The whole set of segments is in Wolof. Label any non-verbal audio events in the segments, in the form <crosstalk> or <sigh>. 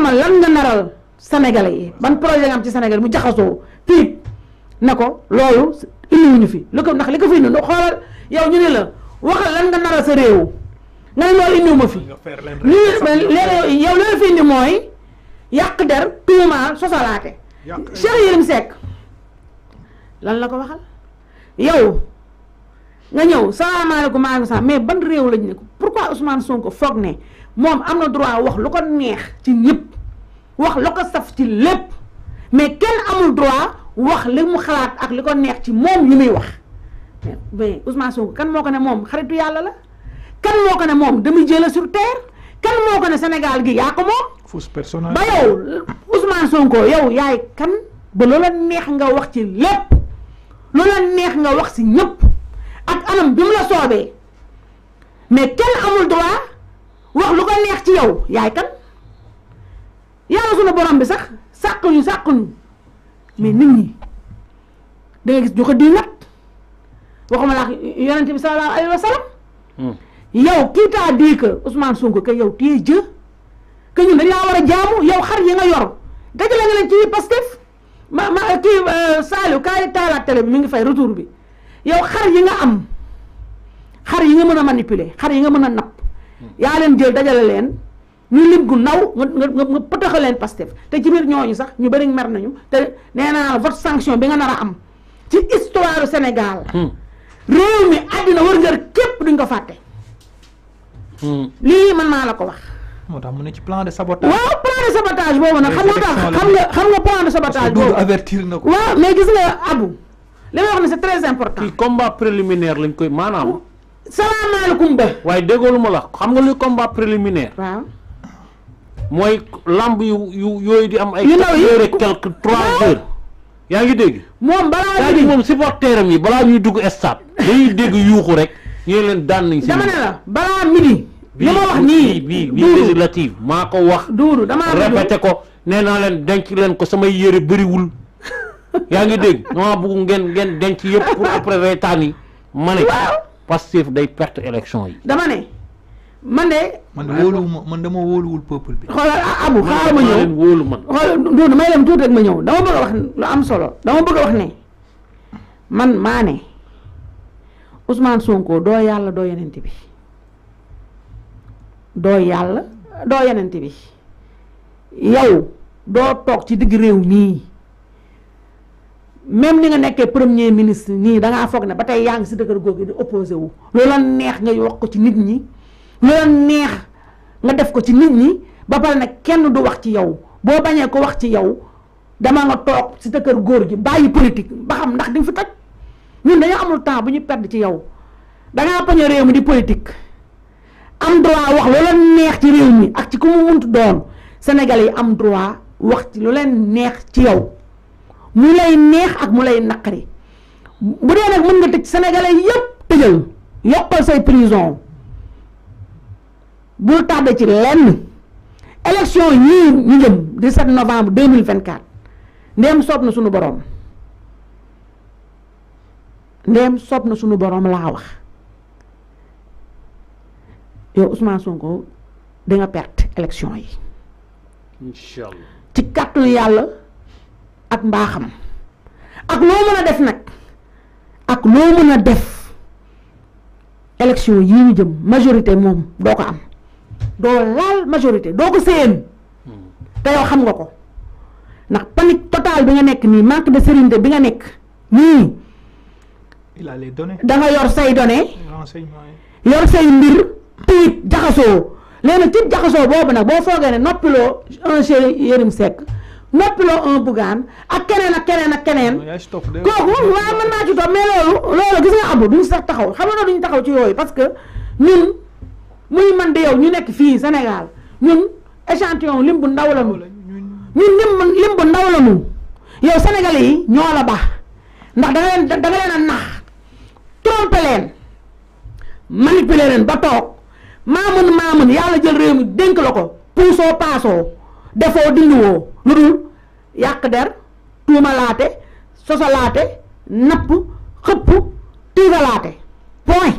ma lan nga naral Sénégalais yi ban projet nga am ci Sénégal mu jaxasoo tiit ne ko loolu indiwuñu fi li ko ndax li ko fi indi xoolal yow ñu ne la waxal lan nga naral sa réew nga ne loolu indiwuma fi léeg yow loolu fi indi mooy yàq der tuumaal sosalaate lan la ko waxal yow nga ñëw salaamaaleykum maaleykum salaam mais ban réew lañu ne ko pourquoi Ousmane Sonko foog ne moom am na droit wax lu ko neex ci ñëpp wax la ko saf ci lépp mais kenn amul droit wax li mu xalaat ak li ko neex ci moom li muy wax mais Ousmane Sonko kan moo ko ne moom xaritu yàlla la kan moo ko ne moom demi Dieu la sur terre kan ko ne Sénégal gi yaa ko moom ba yow Ousmane Sonko yow yaay kan ba loola neex nga wax ci lépp loola neex nga wax si ñëpp ak anam bi mu la soobee mais kenn amul droit wax lu ko neex ci yow yaay kan soosu la borom bi sax sàqñu sàqñu mais nit ñi da ngay gis ñu ko di nat waxuma laax yonente hmm. yow kii taa dañ laa war a jaamu yow xar yi nga yor dajale nga leen ci Pastef ma ma kii euh, Saliou taalaat télé bi mi ngi fay retour bi yow xar yi nga am xar yi nga mën a manipule xar yi nga mën a napp hmm. yaa leen jël dajale leen ñu lim gu naw nga nga nga pëtaxal pastef te ci bir ñoñu sax ñu bari mer nañu te neena naa la vote sanction bi nga nara am ci histoire Sénégal. Hmm. rew mi adina war ngeur kep duñ ko fàtte. Hmm. li man maa la ko wax. motax mu ne ci plan de sabotage. waaw plan de sabotage bobu nag xam nga tax xam nga xam nga plan de sabotage boobu. avertir nako waaw mais gis nga abu li wax ni c'est très important. kii combat préliminaire lañ koy maanaam. salaamaaleykum ba. way degoluma la xam nga luy combat préliminaire. waaw. mooy làmb yu yu yooyu di am ay. yu ndaw yi quelque trois heures. yaa ngi dégg. moom balaa ñuy moom supporteram yi balaa ñuy dugg stade. dañuy dégg yuuxu rek. ñu leen daan nañ si. dama balaa midi. li ma wax nii bii bii législative maa ko wax. duuru damaa ko nee naa leen denc leen ko samay yére bëriwul. yaa ngi dégg <laughs> dama bëgg ngeen ngeen denc yëpp pour après reetaan yi ma ne. Pastef day perte élection yi. dama ne. man de. man de wóoluwuma man dama wóoluwul peuple bi. xoolal ah, abu xaaral ma ñëw wóolu man xoolal duud may dem tuuti rek ma ñëw dama bëgg a wax lu am solo dama bëgg a wax ne man maa ne Ousmane Sonko doo yàlla doo yenent bi doo yàlla doo yenent bi yow doo toog ci diggu réew mii même ni nga nekkee premier ministre nii dangaa foog na ba tey yaa si si dëgër googu di opposé wu loola neex ngay wax ko ci nit ñi lu la neex nga def ko ci nit ñi ba bal nak kenn du wax ci yow bo bañé ko wax ci yow dama nga tok ci te keur goor gi bayyi politique ba xam ndax dim fi toj ñun dañu amul temps bu ñu perdre ci yow da nga bañ a réew mi di politique am droit wax lu la neex ci réew mi ak ci ku mu muntu doon sénégalais yi am droit wax ci lu leen neex ci yow mu lay neex ak mu lay nakari bu dee nak mën nga tecc sénégalais yépp tejeul yokal say prison bul tardé ci lenn élection yii ñu jëm 17 novembre 2024 ndéem soob na suñu boroom ndéem soob na suñu boroom laa wax yow Ousmane Sonko da perte élection yi incha allah ci kàttanu yàlla ak mbaaxam ak loo mën a def nag ak loo mën a def élection yii ñu jëm majorité moom doo ko am doo laal majorité doo ko séen hmm. te yow xam nga ko ndax panique totale bi nga nekk nii manque de sérénité bi nga nekk nii da nga yor say données yor say mbir tiit jaxasoo léegi tiit jaxasoo boobu nag boo foogee ne noppiloo un Cheikh Yérim Seck noppiloo un Bougane ak keneen ak keneen ak keneen kooku waaw mën naa ci topp mais loolu loolu gis nga abu duñ sax taxaw xam nga duñ taxaw ci yooyu parce que muy man de yow ñu nekk fii Sénégal ñun échantillon lim bu ndaw la ñu ñun lim ndaw la ñu yow sénégalais yi ñoo la baax ndax da leen da leen a nax tromper leen manipuler leen ba toog maamun maamun yàlla jël réew dénk la ko puusoo paasoo defoo dindiwoo lu dul yàq der tuumalaate sosalaate napp xëpp tiigalaate point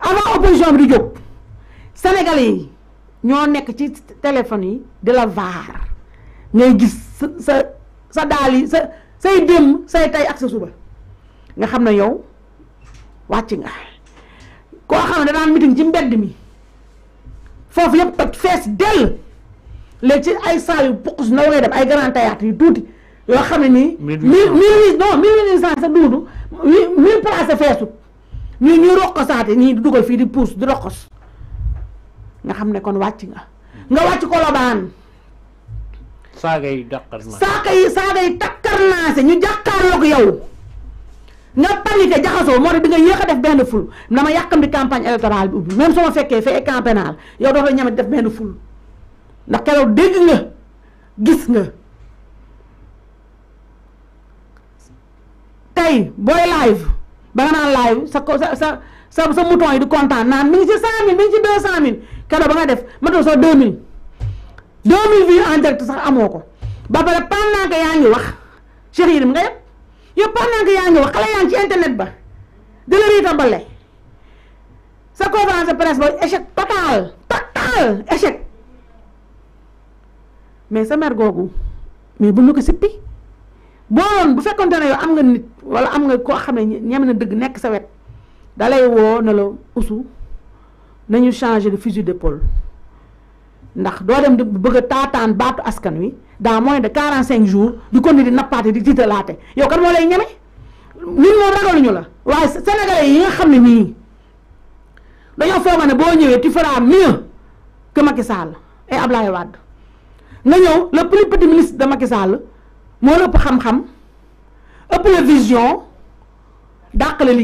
avant opposition bi di jóg sénégalais yi ñoo nekk ci téléphone yi di la vaar ngay gis sa sa sa daal yi sa say démb say tey ak sa nga xam ne yow wàcc nga koo xam ne danaan meeting ci mbedd mi foofu yëpp toj fees dell léegi ci ay salle yu pukus ndaw ngay dem ay grand yu tuuti yoo xam ne nii mille mille non mille huit cent sa duudu mille place feesut ñii ñuy roqosaate ñii di dugal fii di puus di roqos nga xam ne kon wàcc nga nga wàcc kolobaan saaga yi dàqar naa saaga yi saaga takkar naa se ñu jàkkaarloog yow nga paniqué jaxasoo moo tax di nga yéex a def benn ful dama yàkkam di campagne électorale bi ubbi même suma fekkee fee camp yow doo ñame def benn ful ndax keroog dégg nga gis nga tey booy live ba nga naan live sa sa sa sa mouton yi du content nan mi ngi ci 100000 mi ngi ci 200000 cent ba nga def ma do so 2000 2000 mille vues en direct sax amoko ba ba pendant que yaangi wax Cheikh Yérim nga yeb yo pendant que yaangi wax kala yaa ci internet ba de la rita balé sa conférence de presse boy échec total total échec mais sa mère gogou mais bu ñu ko sippi Bon, vous bu fekkonte ne am nga nit wala am nga ne dëgg nek sa dalay wo la nañu changer de fusil d'épaule ndax do dem di bëgg tatane askan wi dans moins de quarante cinq jours du ko ni di des di Vous yow kan mo lay ñun ñu la sénégalais yi nga ne dañu dañoo des bo ñëwé tu feras mieux que Macky Sall et Ablaye Wade nga le plus petit ministre de Macky Sall mo la xam-xam la vision dàq la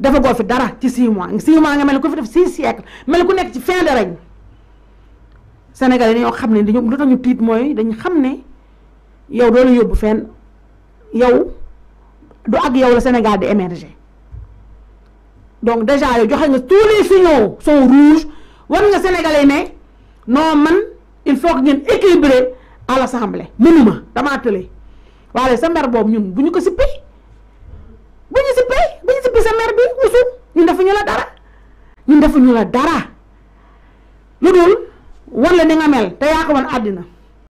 dafa fi dara ci 6 mois 6 mois nga mel ko fi def 6 siècle mel ku nekk ci fin de règne Sénégal yi xam ne lu tax ñu tiit mooy dañu xam ne yow doo la yóbbu fenn yow du ak yow la Sénégal di émerger donc déjà tous les signaux sont rouges war nga sénégalais ne non il faut que équilibrer. assemblée mënuma damaa tële waaye sa mer boobu ñun bu ñu ko sippi bu ñu sippi bu ñu sippi sa mer bi wusu ñun defuñu la dara ñun defuñu la dara lu dul wan ni nga mel te yaa ko wan àddina